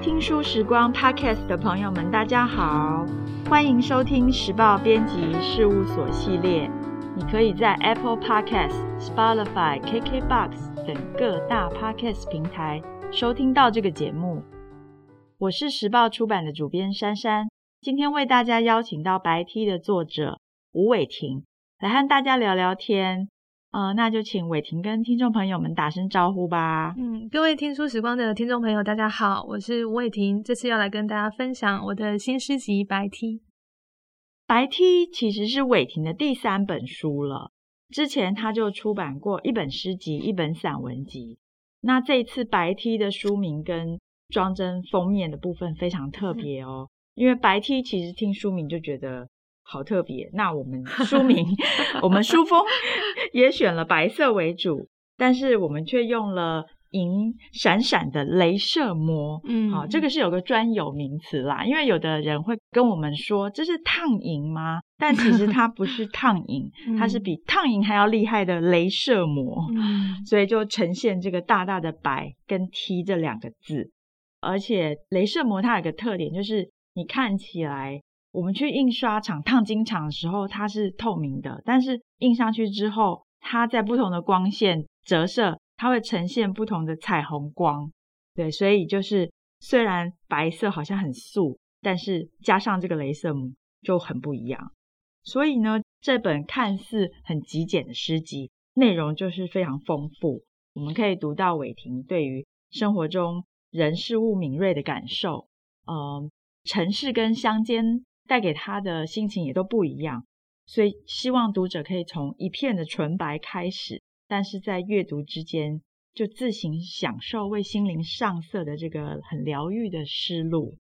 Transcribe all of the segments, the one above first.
聽書時光 Podcast 的朋友們，大家好，歡迎收聽《時報編輯事務所》系列。你可以在 Apple Podcasts、Spotify、KKBox 等各大 Podcast 平台收聽到這個節目。我是時報出版的主編珊珊，今天為大家邀請到《白 T》的作者吳緯婷來和大家聊聊天。呃，那就請緯婷跟聽眾朋友們打聲招呼吧。嗯，各位聽書時光的聽眾朋友，大家好，我是緯婷，這次要來跟大家分享我的新詩集白《白 T》。《白 T》其實是緯婷的第三本書了，之前他就出版過一本詩集、一本散文集。那這一次《白 T》的書名跟裝幀封面的部分非常特別哦，嗯、因為《白 T》其實聽書名就覺得好特別，那我們書名、 我們書封也選了白色為主，但是我們卻用了銀閃閃的雷射膜。嗯，好、啊，這個是有個專有名詞啦，因為有的人會跟我們說這是燙銀嗎？但其實它不是燙銀，它是比燙銀還要厲害的雷射膜，嗯、所以就呈現這個大大的白跟 T 這兩個字。而且雷射膜它有個特點，就是你看起來。我們去印刷廠、燙金廠的時候，它是透明的，但是印上去之後，它在不同的光線折射，它會呈現不同的彩虹光。對，所以就是雖然白色好像很素，但是加上這個雷射膜就很不一樣。所以呢，這本看似很極簡的詩集，內容就是非常豐富。我們可以讀到緯婷對於生活中人事物敏銳的感受，嗯、呃，城市跟鄉間。帶給他的心情也都不一樣，所以希望讀者可以從一片的純白開始，但是在閱讀之間就自行享受為心靈上色的這個很療癒的詩路。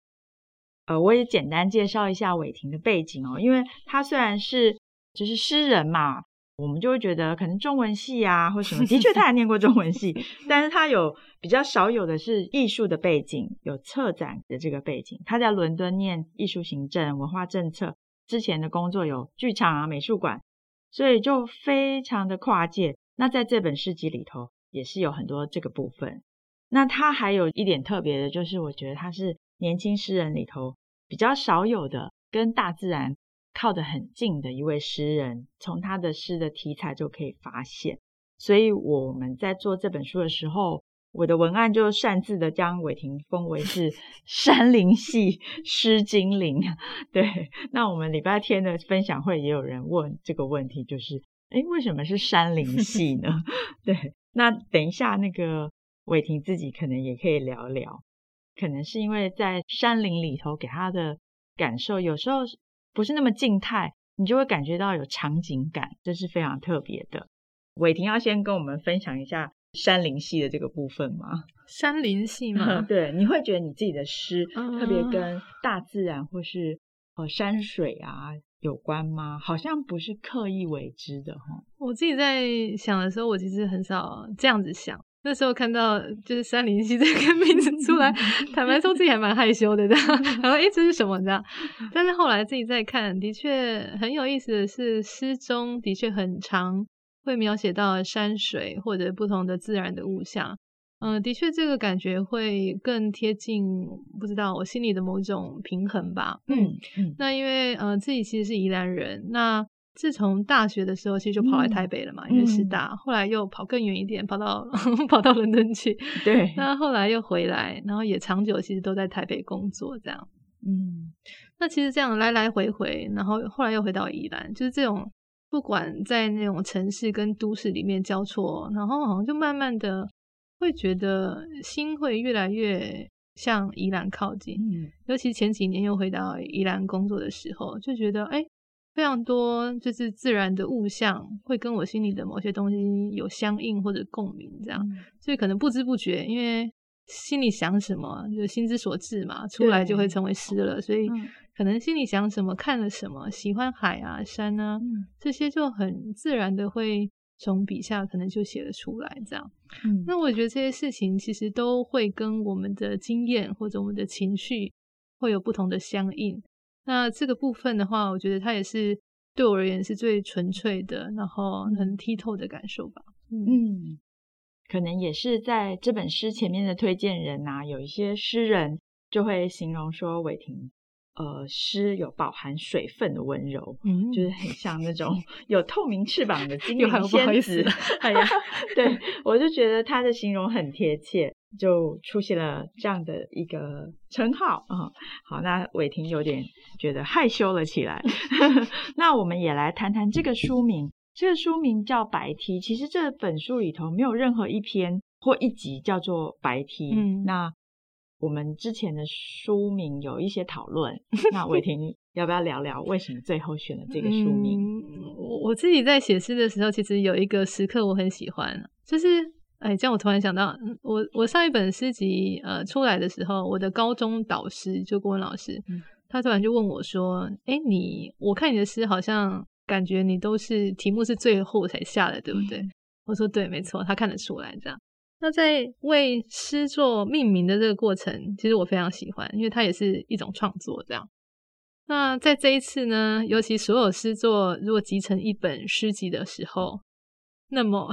呃，我也簡單介紹一下緯婷的背景哦，因為他雖然是就是詩人嘛。我們就會覺得，可能中文系啊，或什麼，的確，他還念過中文系，但是他有比較少有的是藝術的背景，有策展的這個背景。他在倫敦念藝術行政、文化政策，之前的工作有劇場啊、美術館，所以就非常的跨界。那在這本詩集裡頭，也是有很多這個部分。那他還有一點特別的，就是我覺得他是年輕詩人裡頭比較少有的，跟大自然靠得很近的一位詩人，從他的詩的題材就可以發現。所以我們在做這本書的時候，我的文案就擅自的將緯婷封為是山林系詩精靈。對，那我們禮拜天的分享會也有人問這個問題，就是誒、欸，為什麼是山林系呢？ 對，那等一下那個緯婷自己可能也可以聊聊，可能是因為在山林裡頭給他的感受，有時候。不是那麼靜態，你就會感覺到有場景感，這是非常特別的。緯婷要先跟我們分享一下山林系的這個部分嗎？山林系嗎？ 對，你會覺得你自己的詩特別跟大自然或是呃山水啊有關嗎？好像不是刻意為之的哈。嗯、我自己在想的時候，我其實很少這樣子想。那時候看到就是“山林系”這個名字出來，嗯、坦白說自己還蠻害羞的，這樣、嗯。然後， 哎、欸，這是什麼這樣？但是後來自己再看，的確很有意思的是，詩中的確很常，會描寫到山水或者不同的自然的物象。嗯、呃，的確這個感覺會更貼近，不知道我心裡的某種平衡吧。嗯嗯。嗯那因為呃，自己其實是宜蘭人，那。自從大學的時候，其實就跑來台北了嘛，嗯、因為師大，嗯、後來又跑更遠一點，跑到呵呵跑到倫敦去。對。那後,後來又回來，然後也長久，其實都在台北工作這樣。嗯。那其實這樣來來回回，然後後來又回到宜蘭，就是這種不管在那種城市跟都市裡面交錯，然後好像就慢慢的會覺得心會越來越向宜蘭靠近。嗯、尤其前幾年又回到宜蘭工作的時候，就覺得誒、欸非常多，就是自然的物象會跟我心裡的某些東西有相應或者共鳴，這樣，嗯、所以可能不知不覺，因為心裡想什麼，就心之所至嘛，出來就會成為詩了。對所以可能心裡想什麼，嗯、看了什麼，喜歡海啊、山啊、嗯、這些，就很自然的會從筆下可能就寫了出來。這樣，嗯、那我覺得這些事情其實都會跟我們的經驗或者我們的情緒會有不同的相應。那這個部分的話，我覺得他也是對我而言是最純粹的，然後很剔透的感受吧。嗯，可能也是在這本詩前面的推薦人吶、啊，有一些詩人就會形容說，緯婷呃詩有飽含水分的溫柔，嗯、就是很像那種有透明翅膀的精靈仙子，不好意思。 哎呀，對，我就覺得他的形容很貼切。就出現了這樣的一個稱號啊、嗯，好，那緯婷有點覺得害羞了起來。 那我們也來談談這個書名，這個書名叫《白 T》，其實這本書裡頭沒有任何一篇或一集叫做《白 T》。嗯，那我們之前的書名有一些討論，那緯婷要不要聊聊為什麼最後選了這個書名？我、嗯、我自己在寫詩的時候，其實有一個時刻我很喜歡，就是。哎，這樣我突然想到，我我上一本詩集呃出來的時候，我的高中導師就是、郭文老師，嗯、他突然就問我說：“哎，你我看你的詩好像感覺你都是題目是最後才下的，對不對？”嗯、我說：“對，沒錯。”他看得出來這樣。那在為詩作命名的這個過程，其實我非常喜歡，因為它也是一種創作這樣。那在這一次呢，尤其所有詩作如果集成一本詩集的時候。那麼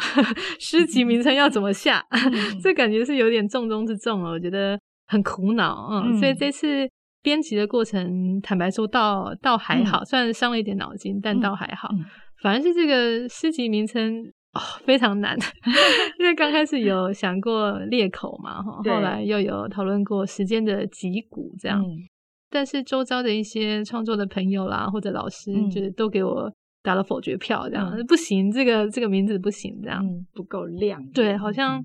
詩集名稱要怎麼下？嗯、這感覺是有點重中之重了，我覺得很苦惱啊。嗯嗯、所以這次編輯的過程，坦白說到，倒倒還好，雖然、嗯、傷了一點腦筋，但倒還好。嗯、反而是這個詩集名稱、哦、非常難， 因為剛開始有想過裂口嘛， 後來又有討論過時間的脊骨這樣，對但是周遭的一些創作的朋友啦，或者老師，嗯、就是都給我。打了否決票，這樣不行，這個這個名字不行，這樣不夠亮。對，好像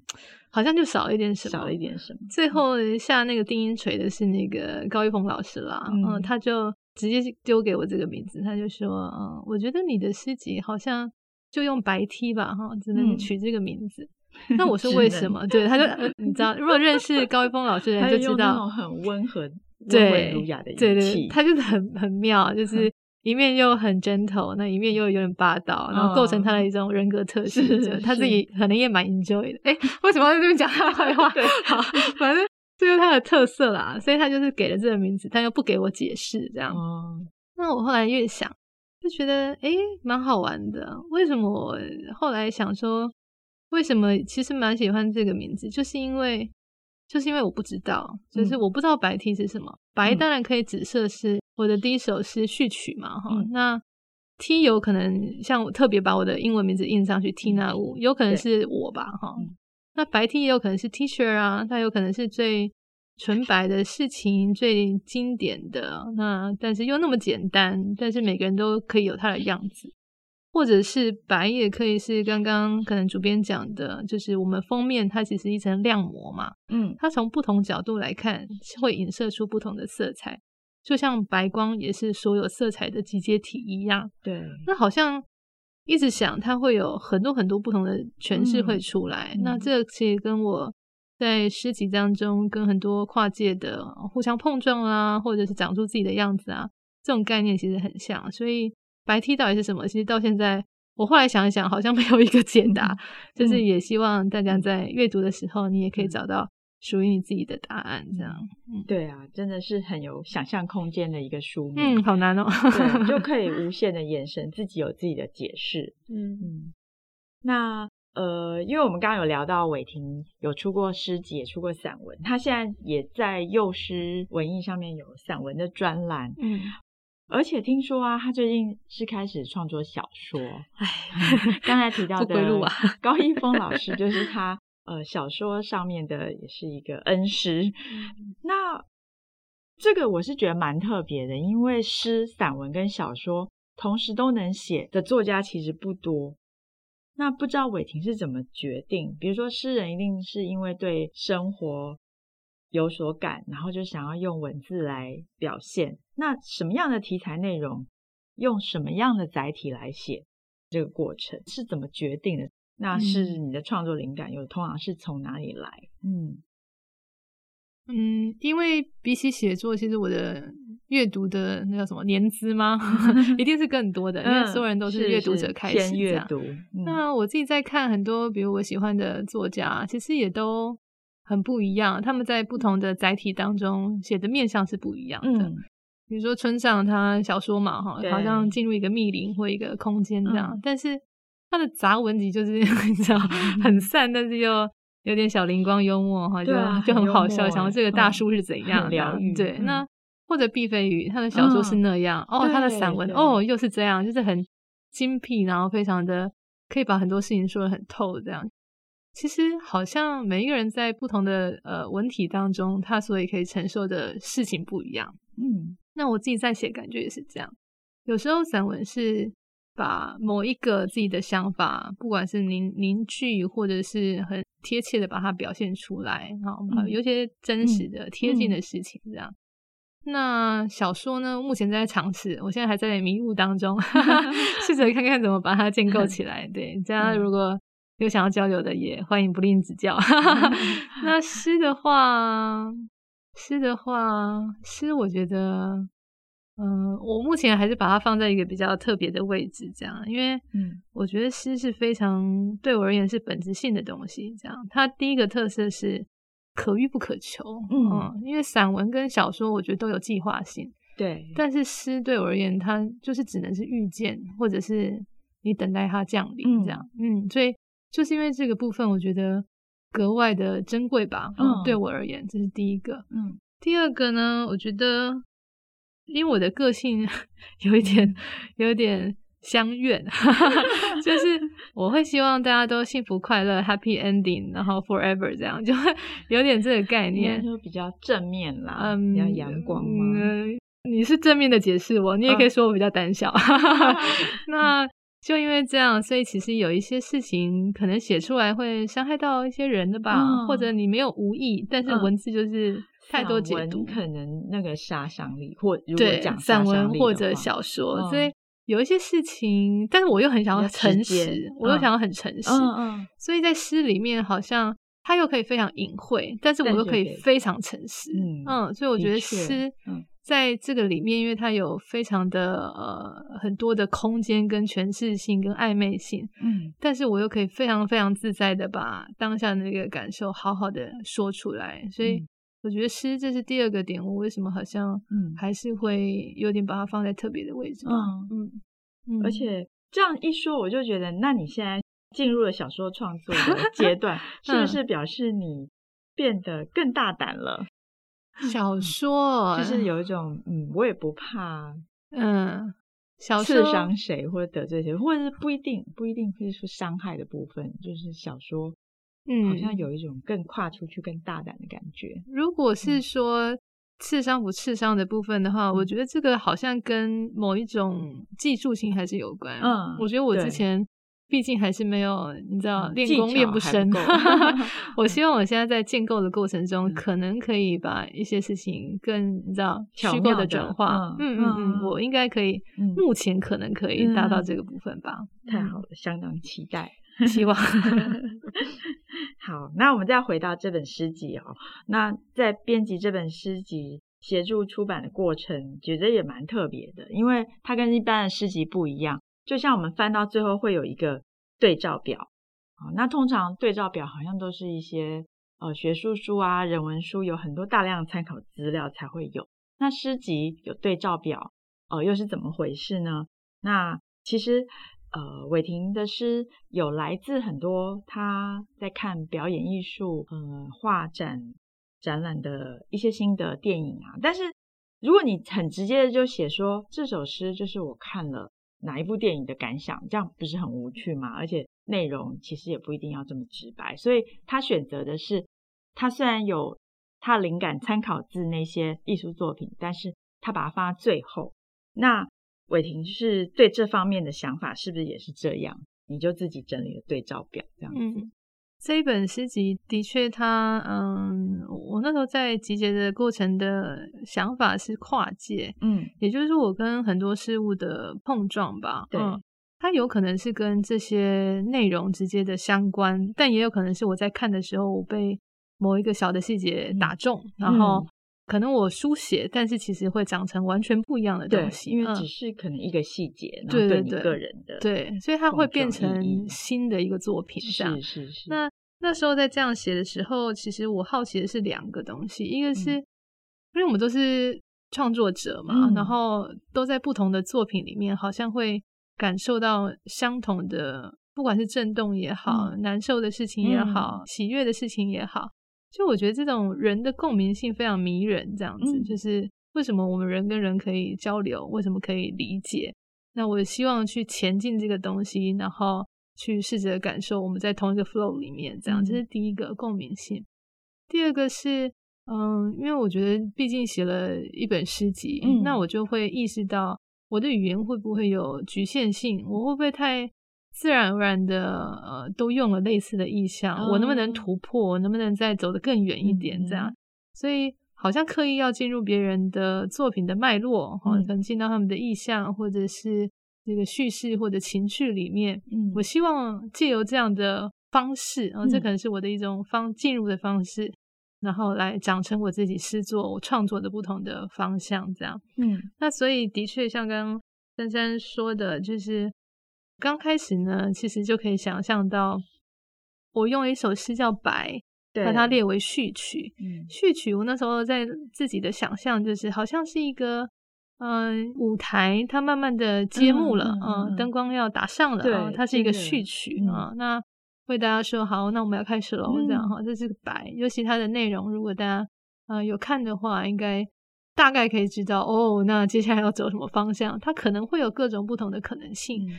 好像就少了一點什麼，少了一點什麼。最後下那個定音錘的是那個高翊峰老師啦，嗯，他就直接丟給我這個名字，他就說：“嗯，我覺得你的詩集好像就用白 T 吧，哈，只能取這個名字。”那我說為什麼？對，他就你知道，如果認識高翊峰老師的人就知道，很溫和、溫文儒雅的語氣，對對。他就是很很妙，就是。一面又很 gentle，那一面又有點霸道，嗯、然後構成他的一種人格特質是。他自己可能也蠻 enjoy 的。誒，為什麼要在這邊講他的壞話？ 對好，是反正這就是他的特色啦，所以他就是給了這個名字，但又不給我解釋這樣。嗯、那我後來越想，就覺得誒，蠻好玩的。為什麼我後來想說，為什麼其實蠻喜歡這個名字，就是因為。就是因為我不知道，就是我不知道白 T 是什麼。嗯、白當然可以指涉是我的第一首詩《序曲》嘛，哈、嗯。那 T 有可能像我特別把我的英文名字印上去，T 那屋、嗯、有可能是我吧，哈對。那白 T 也有可能是 T-shirt 啊，它有可能是最純白的事情、最經典的那，但是又那麼簡單，但是每個人都可以有它的樣子。或者是白，也可以是剛剛可能主編講的，就是我們封面它其實是一層亮膜嘛，嗯，它從不同角度來看是會折射出不同的色彩，就像白光也是所有色彩的集結體一樣。對，嗯、那好像一直想它會有很多很多不同的詮釋會出來，嗯、那這其實跟我在詩集當中跟很多跨界的互相碰撞啊，或者是長出自己的樣子啊，這種概念其實很像，所以。白 T 到底是什麼？其實到現在，我後來想一想，好像沒有一個解答。嗯、就是也希望大家在閱讀的時候，你也可以找到屬於你自己的答案。這樣，對啊，真的是很有想象空間的一個書名，嗯，好難哦，你就可以無限的延伸， 自己有自己的解釋。嗯嗯。那呃，因為我們剛剛有聊到，緯婷有出過詩集，也出過散文。他現在也在《幼獅文藝》上面有散文的專欄。嗯。而且聽說啊，他最近是開始創作小說。哎， 剛才提到的高翊峰老師就是他，呃，小說上面的也是一個恩師。嗯、那這個我是覺得蠻特別的，因為詩、散文跟小說同時都能寫的作家其實不多。那不知道緯婷是怎麼決定？比如說詩人一定是因為對生活。有所感，然後就想要用文字來表現。那什麼樣的題材內容，用什麼樣的載體來寫，這個過程是怎麼決定的？那是你的創作靈感又通常是從哪裡來？嗯嗯，嗯，因為比起寫作，其實我的閱讀的那叫什麼年資嗎？ 一定是更多的，嗯、因為所有人都是閱讀者開始是是先閱讀這樣，嗯、那我自己在看很多，比如我喜歡的作家，其實也都。很不一樣，他們在不同的載體當中寫的面向是不一樣的。嗯、比如說村上他小說嘛，哈，好像進入一個密林或一個空間這樣，對但是他的雜文集就是你知道、嗯、很散，但是又有點小靈光幽默哈，就、啊、就很好笑，想說這個大叔是怎樣的？嗯、對，那、嗯、或者畢飛宇他的小說是那樣，嗯、哦，他的散文對對對哦又是這樣，就是很精闢，然後非常的可以把很多事情說得很透這樣。其實好像每一個人在不同的呃文體當中，他所以可以承受的事情不一樣。嗯，那我自己在寫，感覺也是這樣。有時候散文是把某一個自己的想法，不管是凝凝聚或者是很貼切的把它表現出來，然後，有些真實的、嗯、貼近的事情這樣。嗯、那小說呢，目前在嘗試，我現在還在迷霧當中，試 着看看怎麼把它建構起來。嗯、對，這樣如果。有想要交流的也歡迎不吝指教。哈哈哈。那詩的話，詩的話，詩我覺得，嗯、呃，我目前還是把它放在一個比較特別的位置，這樣，因為我覺得詩是非常對我而言是本質性的東西。這樣，它第一個特色是可遇不可求，嗯，嗯，因為散文跟小說我覺得都有計劃性，對，但是詩對我而言，它就是只能是遇見，或者是你等待它降臨，這樣，嗯，嗯，所以。就是因為這個部分，我覺得格外的珍貴吧。嗯，對我而言，這是第一個。嗯，第二個呢，我覺得因為我的個性有一點，有點鄉願， 就是我會希望大家都幸福快樂，Happy Ending，然後 Forever 這樣，就會有點這個概念，就比較正面啦，嗯，比較陽光嘛。嗯，你是正面的解釋我，你也可以說我比較膽小。嗯、 那。嗯就因為這樣，所以其實有一些事情可能寫出來會傷害到一些人的吧，嗯、或者你沒有無意，但是文字就是太多解讀，嗯、可能那個殺傷力或對散文或者小說，嗯、所以有一些事情，但是我又很想要誠實，嗯、我又想要很誠實，嗯嗯嗯、所以在詩裡面好像它又可以非常隱晦，但是我又可以非常誠實，嗯、嗯，所以我覺得詩，嗯。在這個裡面，因為它有非常的呃很多的空間跟詮釋性跟曖昧性，嗯，但是我又可以非常非常自在的把當下的那個感受好好的說出來，所以我覺得詩這是第二個點，我為什麼好像嗯還是會有點把它放在特別的位置，嗯嗯，嗯而且這樣一說，我就覺得那你現在進入了小說創作的階段，是不是表示你變得更大膽了？小說就是有一種，嗯，我也不怕，嗯，刺傷誰或者得罪誰，嗯、或者是不一定，不一定，或是說傷害的部分，就是小說，嗯，好像有一種更跨出去、更大膽的感覺。如果是說刺傷不刺傷的部分的話，嗯、我覺得這個好像跟某一種技術性還是有關。嗯，我覺得我之前。畢竟還是沒有，你知道練功練不深。我希望我現在在建構的過程中，可能可以把一些事情更，你知道巧妙的轉化。嗯嗯嗯，我應該可以，目前可能可以達到這個部分吧。太好了，相當期待，希望。好，那我們再回到這本詩集哦。那在編輯這本詩集、協助出版的過程，覺得也蠻特別的，因為它跟一般的詩集不一樣。就像我們翻到最後會有一個對照表啊，那通常對照表好像都是一些呃學術書啊、人文書有很多大量參考資料才會有。那詩集有對照表哦、呃，又是怎麼回事呢？那其實呃，緯婷的詩有來自很多他在看表演藝術、呃畫展展覽的一些新的電影啊。但是如果你很直接的就寫說這首詩就是我看了。哪一部電影的感想，這樣不是很無趣嗎？而且內容其實也不一定要這麼直白，所以他選擇的是，他雖然有他靈感參考自那些藝術作品，但是他把它放在最後。那緯婷是對這方面的想法，是不是也是這樣？你就自己整理個對照表這樣子。嗯這一本詩集的確，它，嗯，我那時候在集結的過程的想法是跨界，嗯，也就是我跟很多事物的碰撞吧。嗯，對，它有可能是跟這些內容直接的相關，但也有可能是我在看的時候，我被某一個小的細節打中，嗯，然後。可能我書寫，但是其實會長成完全不一樣的東西，對因為只是可能一個細節，嗯、對對對，對個人的，對，所以它會變成新的一個作品。是是是。那那時候在這樣寫的時候，其實我好奇的是兩個東西，一個是，嗯、因為我們都是創作者嘛，嗯、然後都在不同的作品裡面，好像會感受到相同的，不管是震動也好，嗯、難受的事情也好，嗯、喜悅的事情也好。就我覺得這種人的共鳴性非常迷人，這樣子、嗯、就是為什麼我們人跟人可以交流，為什麼可以理解？那我希望去前進這個東西，然後去試着感受我們在同一個 flow 裡面，這樣這、嗯、是第一個共鳴性。第二個是，嗯，因為我覺得畢竟寫了一本詩集，嗯嗯、那我就會意識到我的語言會不會有局限性，我會不會太。自然而然的，呃，都用了類似的意象。Oh. 我能不能突破？我能不能再走得更遠一點？這樣，mm hmm. 所以好像刻意要進入別人的作品的脈絡，哈、哦，可、mm hmm. 能進到他們的意象，或者是那個敘事或者情緒裡面。嗯、mm，hmm. 我希望借由這樣的方式，啊、哦，這可能是我的一種方進入的方式，mm hmm. 然後來長成我自己詩作我創作的不同的方向。這樣，嗯、mm，hmm. 那所以的確像剛剛珊珊說的，就是。剛開始呢，其實就可以想象到，我用一首詩叫《白》對，把它列為序曲。嗯、序曲，我那時候在自己的想象，就是好像是一個嗯、呃、舞台，它慢慢的揭幕了啊，嗯嗯嗯、燈光要打上了，對它是一個序曲啊得、嗯嗯。那為大家說好，那我們要開始了，嗯、這樣哈、哦，這是《白》，尤其它的內容，如果大家啊、呃、有看的話，應該大概可以知道哦。那接下來要走什麼方向？它可能會有各種不同的可能性。嗯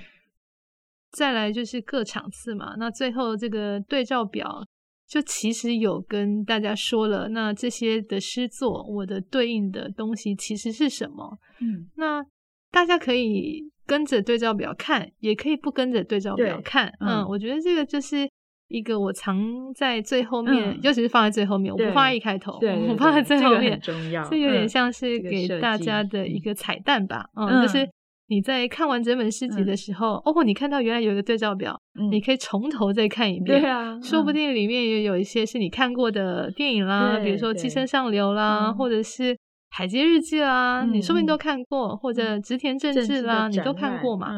再來就是各場次嘛，那最後這個對照表就其實有跟大家說了，那這些的詩作，我的對應的東西其實是什麼？嗯，那大家可以跟着對照表看，也可以不跟着對照表看。對嗯，嗯我覺得這個就是一個我藏在最後面，嗯、尤其是放在最後面，對我不放在一開頭，對對對，我放在最後面，對對對這個、有點像是給大家的一個彩蛋吧？嗯，就是。你在看完整本詩集的時候，哦，你看到原來有一個對照表，你可以從頭再看一遍，對啊，說不定裡面也有一些是你看過的電影啦，比如說《寄生上流》啦，或者是《海街日記》啦，你說不定都看過，或者植田正治啦，你都看過嘛？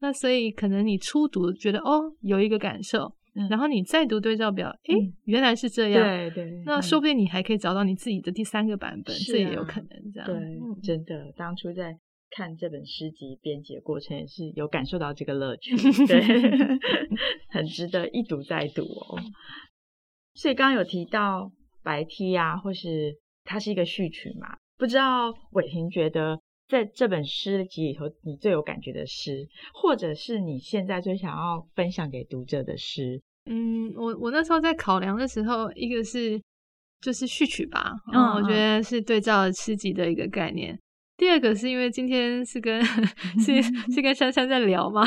那所以可能你初讀覺得哦，有一個感受，然後你再讀對照表，誒，原來是這樣，對對，那說不定你還可以找到你自己的第三個版本，這也有可能這樣，對，真的，當初在。看這本詩集編輯過程也是有感受到這個樂趣，對， 很值得一讀再讀哦。所以剛剛有提到白 T 啊，或是它是一個序曲嘛？不知道緯婷覺得在這本詩集裡頭，你最有感覺的詩，或者是你現在最想要分享給讀者的詩？嗯，我我那時候在考量的時候，一個是就是序曲吧，嗯、啊，我覺得是對照詩集的一個概念。第二個是因為今天是跟是是跟珊珊在聊嘛，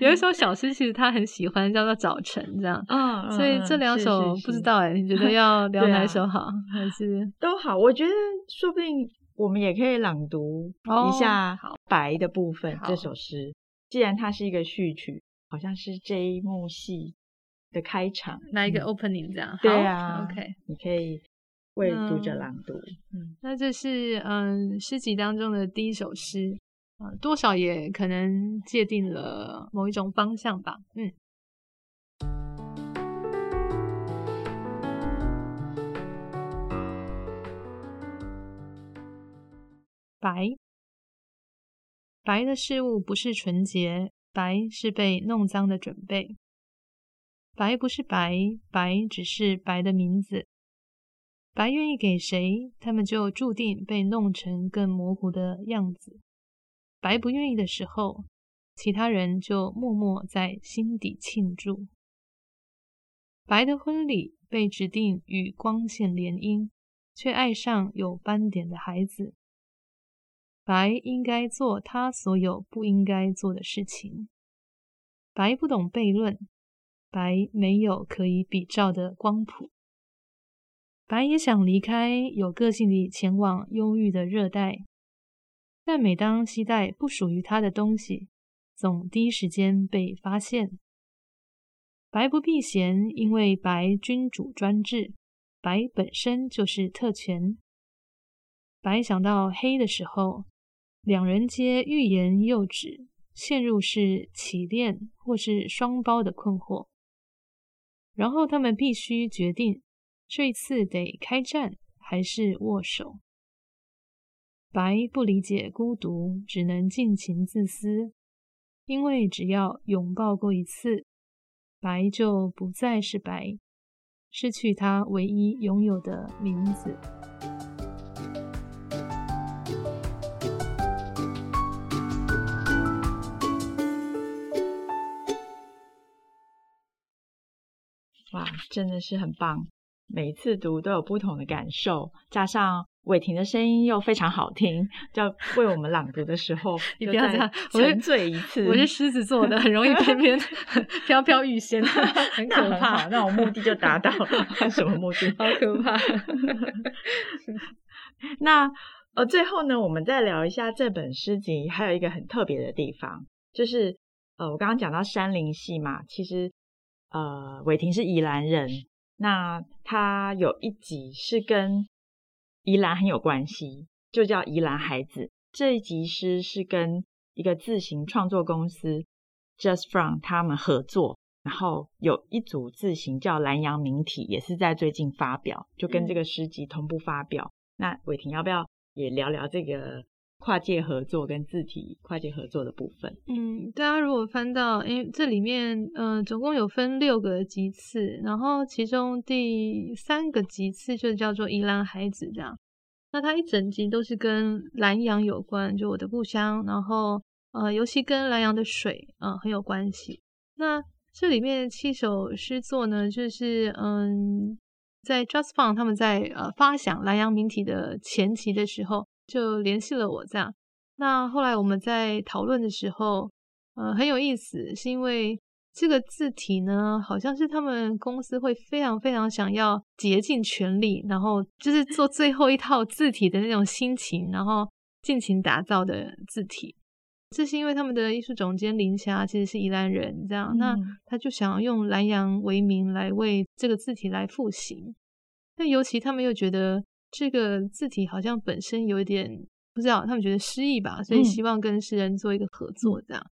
有一首小詩，其實他很喜歡，叫做《早晨》這樣，所以這兩首不知道誒你覺得要聊哪首好，還是都好？我覺得說不定我們也可以朗讀一下《白》的部分，這首詩，既然它是一個序曲，好像是這一幕戲的開場，那一個 opening 這樣，對啊，OK，你可以。為讀者朗讀，嗯，那這是嗯詩集當中的第一首詩啊，嗯，多少也可能界定了某一種方向吧，嗯。白，白的事物不是純潔，白是被弄髒的準備。白不是白，白只是白的名字。白願意給誰，他們就注定被弄成更模糊的樣子。白不願意的時候，其他人就默默在心底慶祝。白的婚禮被指定與光線聯姻，卻愛上有斑點的孩子。白應該做他所有不應該做的事情。白不懂悖論，白沒有可以比照的光譜。白也想離開，有個性的前往憂鬱的熱帶，但每當期待不屬於他的東西，總第一時間被發現。白不避嫌，因為白君主專制，白本身就是特權。白想到黑的時候，兩人皆欲言又止，陷入是起戀或是雙胞的困惑，然後他們必須決定。這一次得開戰還是握手？白不理解孤獨，只能盡情自私，因為只要擁抱過一次，白就不再是白，失去他唯一擁有的名字。哇，真的是很棒！每一次讀都有不同的感受，加上緯婷的聲音又非常好聽，就為我們朗讀的時候，一定 不要這樣沉醉一次。 我，是我是獅子座的，很容易偏偏飄飄欲仙，很可怕。 那我目的就達到了。 什麼目的？好可怕。 那呃，最後呢，我們再聊一下這本詩集，還有一個很特別的地方，就是呃，我剛剛講到山林系嘛，其實呃，緯婷是宜蘭人。那他有一輯是跟宜蘭很有關係，就叫宜蘭孩子。這一輯詩是跟一個字型創作公司 justfont 他們合作，然後有一組字型叫蘭陽明體，也是在最近發表，就跟這個詩集同步發表。嗯、那緯婷要不要也聊聊這個？跨界合作跟字體跨界合作的部分，嗯，大家如果翻到，誒，這裡面，嗯、呃，總共有分六個輯次，然後其中第三個輯次就叫做《宜蘭孩子》這樣，那它一整集都是跟蘭陽有關，就我的故鄉，然後呃，尤其跟蘭陽的水啊、呃、很有關係。那這裡面七首詩作呢，就是嗯，在 justfont 他們在呃發想蘭陽明體的前期的時候。就聯繫了我，這樣。那後來我們在討論的時候，呃，很有意思，是因為這個字體呢，好像是他們公司會非常非常想要竭盡全力，然後就是做最後一套字體的那種心情， 然後盡情打造的字體。這是因為他們的藝術總監林霞其實是宜蘭人，這樣，嗯、那他就想要用蘭陽為名來為這個字體來復興，那尤其他們又覺得。這個字體好像本身有一點不知道，他們覺得詩意吧，所以希望跟詩人做一個合作這樣。嗯、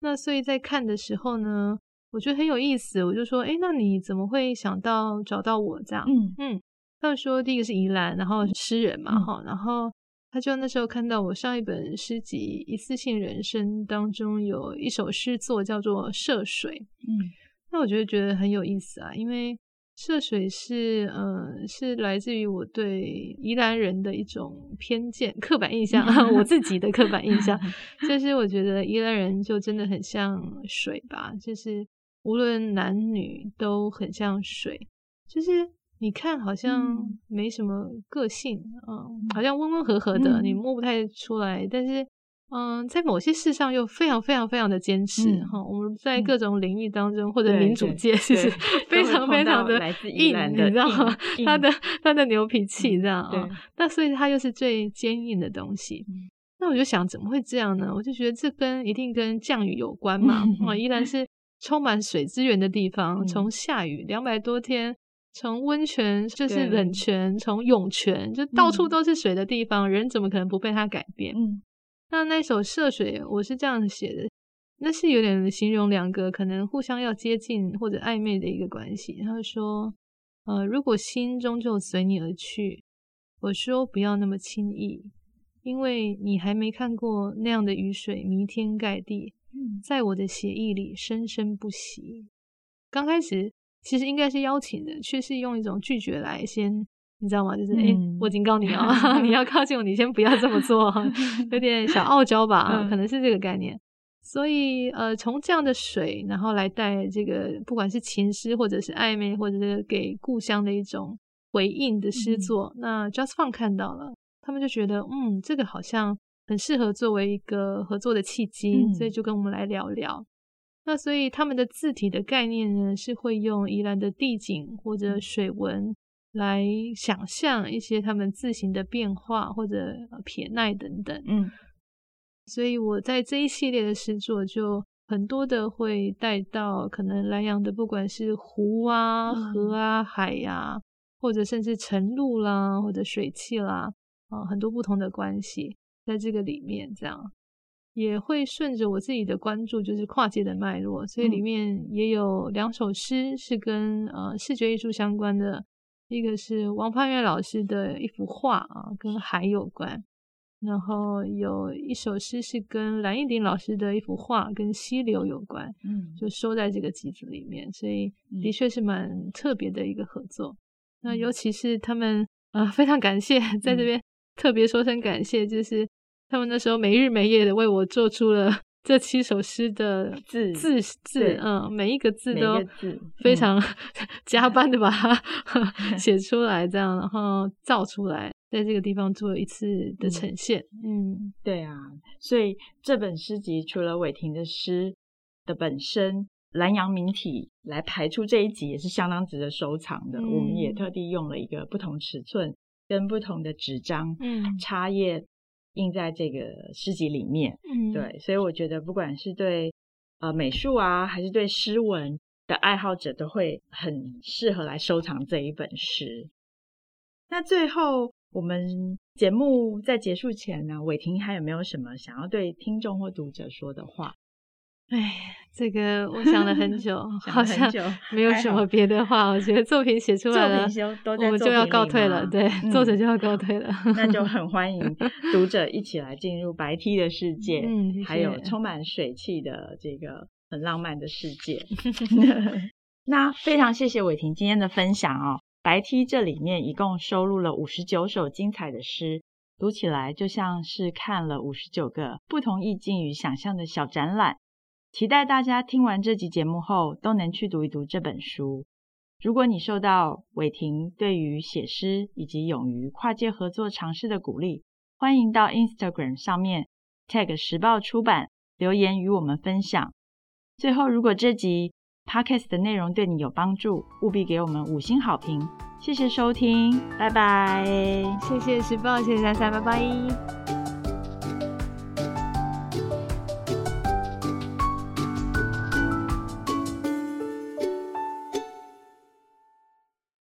那所以在看的時候呢，我覺得很有意思。我就說，哎，那你怎麼會想到找到我這樣？嗯嗯，他說第一個是宜蘭，然後詩人嘛，好、嗯，然後他就那時候看到我上一本詩集《一次性人生》當中有一首詩作叫做《涉水》，嗯，那我覺得覺得很有意思啊，因為。涉水是，嗯、呃，是來自於我對宜蘭人的一種偏見、刻板印象， 我自己的刻板印象， 就是我覺得宜蘭人就真的很像水吧，就是無論男女都很像水，就是你看好像沒什麼個性，嗯，嗯，好像溫溫和和的，你摸不太出來，但是。嗯，在某些事上又非常非常非常的堅持哈。我們在各種領域當中或者民主界，其實非常非常的硬的，你知道嗎？他的他的牛脾氣，知道嗎？那所以他又是最堅硬的東西。那我就想，怎麼會這樣呢？我就覺得這跟一定跟降雨有關嘛。宜蘭是充滿水資源的地方，從下雨兩百多天，從溫泉就是冷泉，從湧泉就到處都是水的地方，人怎麼可能不被它改變？那那首涉水，我是這樣寫的，那是有點形容兩個可能互相要接近或者曖昧的一個關係。他說，呃，如果心中就隨你而去，我說不要那麼輕易，因為你還沒看過那樣的雨水彌天蓋地，在我的血液裡生生不息。剛開始其實應該是邀請的，卻是用一種拒絕來先。你知道嗎？就是，嗯、誒我警告你哦， 你要靠近我，你先不要這麼做， 有點小傲嬌吧，啊？嗯，可能是這個概念。所以呃，從這樣的水，然後來帶這個，不管是情詩或者是曖昧，或者是給故鄉的一種回應的詩作，嗯，那 justfont 看到了，他們就覺得嗯，這個好像很適合作為一個合作的契機，嗯，所以就跟我們來聊聊。那所以他們的字體的概念呢，是會用宜蘭的地景或者水文。嗯來想象一些他們字形的變化或者撇捺等等，嗯，所以我在這一系列的詩作就很多的會帶到可能蘭陽的不管是湖啊、嗯、河啊、海呀、啊，或者甚至晨露啦或者水汽啦啊、呃，很多不同的關係在這個裡面這樣，也會順着我自己的關注就是跨界的脈絡，所以裡面也有兩首詩是跟、嗯、呃視覺藝術相關的。一個是王攀元老師的一幅畫啊，跟海有關，然後有一首詩是跟藍蔭鼎老師的一幅畫，跟溪流有關。嗯，就收在這個集子裡面，所以的確是蠻特別的一個合作。嗯、那尤其是他們，呃，非常感謝，在這邊特別說聲感謝，嗯、就是他們那時候沒日沒夜的為我做出了。這七首詩的字字字，字對嗯，每一個字都非常加班的把它寫出來，這樣、嗯、然後造出來，在這個地方做一次的呈現。嗯，嗯對啊，所以這本詩集除了緯婷的詩的本身，蘭陽明體來排出這一集也是相當值得收藏的。嗯、我們也特地用了一個不同尺寸跟不同的紙張，嗯，插頁。嗯印在這個詩集裡面，嗯、對，所以我覺得不管是對呃美術啊，還是對詩文的愛好者，都會很適合來收藏這一本詩。那最後，我們節目在結束前呢，緯婷還有沒有什麼想要對聽眾或讀者說的話？哎，這個我想了很久， 很久好像沒有什麼別的話。好我覺得作品寫出來了，我們就要告退了。對，嗯、作者就要告退了， 那就很歡迎讀者一起來進入白 T 的世界，嗯、謝謝還有充滿水汽的這個很浪漫的世界。 的 那非常謝謝緯婷今天的分享哦，白 T 這裡面一共收錄了五十九首精彩的詩，讀起來就像是看了五十九個不同意境與想象的小展覽。期待大家聽完這集節目後，都能去讀一讀這本書。如果你受到緯婷對於寫詩以及勇於跨界合作嘗試的鼓勵，歡迎到 Instagram 上面 tag 時報出版留言與我們分享。最後，如果這集 Podcast 的內容對你有幫助，務必給我們五星好評。謝謝收聽，拜拜。謝謝時報，謝謝珊珊，拜拜。